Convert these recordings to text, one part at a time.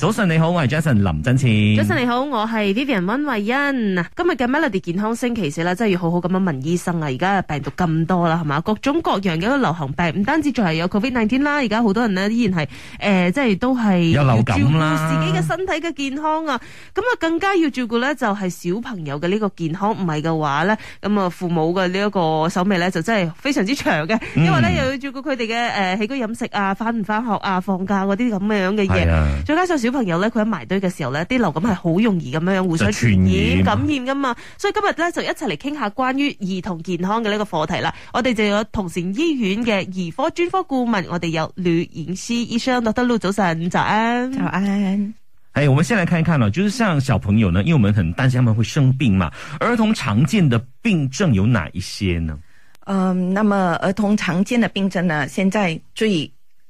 早晨你好，我係 Jason 林振前。早晨你好，我係 Vivian 溫慧欣。今日嘅 Melody 健康星期四啦，真係要好好咁樣問醫生啊！而家病毒咁多啦，係嘛？各種各樣嘅流行病，唔單止仲係有 COVID nineteen 啦，而家好多人呢，依然係誒，即、呃、係都係、啊、有流感啦，自己嘅身體嘅健康啊，咁啊更加要照顧呢，就係、是、小朋友嘅呢個健康。唔係嘅話呢，咁啊父母嘅呢一個手尾呢，就真係非常之長嘅，因為呢，又要照顧佢哋嘅誒起居飲食啊，翻唔翻學啊，放假嗰啲咁樣嘅嘢，啊、再加上。小朋友咧，佢喺埋堆嘅時候呢，啲流感係好容易咁樣樣互相傳染感染噶嘛，所以今日咧就一齊嚟傾下關於兒童健康嘅呢個課題啦。我哋就有同善醫院嘅兒科專科顧問，我哋有呂盈曦醫生 Dr. Lu, 早晨，早安，早安。係，hey, 我們先嚟看一看了，就是像小朋友呢，因為我們很擔心他們會生病嘛。兒童常見的病症有哪一些呢？嗯，那麼兒童常見的病症呢，現在最。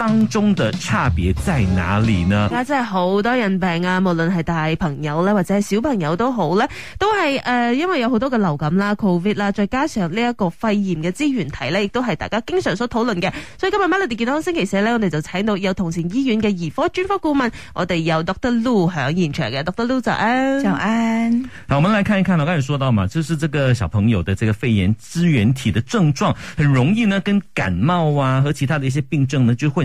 當中的差別在哪裏呢？而家真係好多人病啊，無論係大朋友咧，或者係小朋友都好咧，都係誒、呃，因為有好多嘅流感啦、covid 啦，再加上呢一個肺炎嘅支原體咧，亦都係大家經常所討論嘅。所以今日《Melody 健康星期四》咧，我哋就請到有同善醫院嘅兒科專科顧問，我哋有 Doctor Lu 響現場嘅，Doctor Lu 就安就安。好，我們來看一看。啦，我剛才說到嘛，就是這個小朋友的這個肺炎支原體的症狀，很容易呢跟感冒啊和其他的一些病症呢就會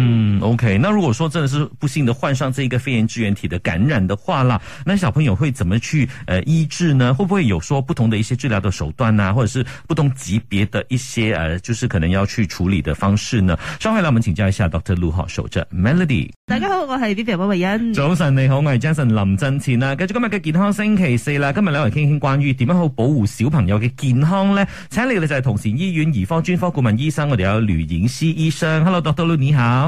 嗯，OK。那如果說真的是不幸地患上這一個肺炎支原體的感染的話啦，那小朋友會怎麼去呃醫治呢？會不會有說不同的一些治療的手段啊，或者是不同級別的一些呃，就是可能要去處理的方式呢？稍後來我們請教一下 Doctor Lu 哈，守着 Melody。大家好，我是 Vivian 溫慧欣。早晨你好，我是 Jenson 林振前啊。繼續今日嘅健康星期四啦，今日兩位傾傾關於點樣去保護小朋友嘅健康呢，請嚟嘅就係同善醫院兒科專科顧問醫生，我哋有呂盈曦醫生。Hello，Doctor Lu 你好。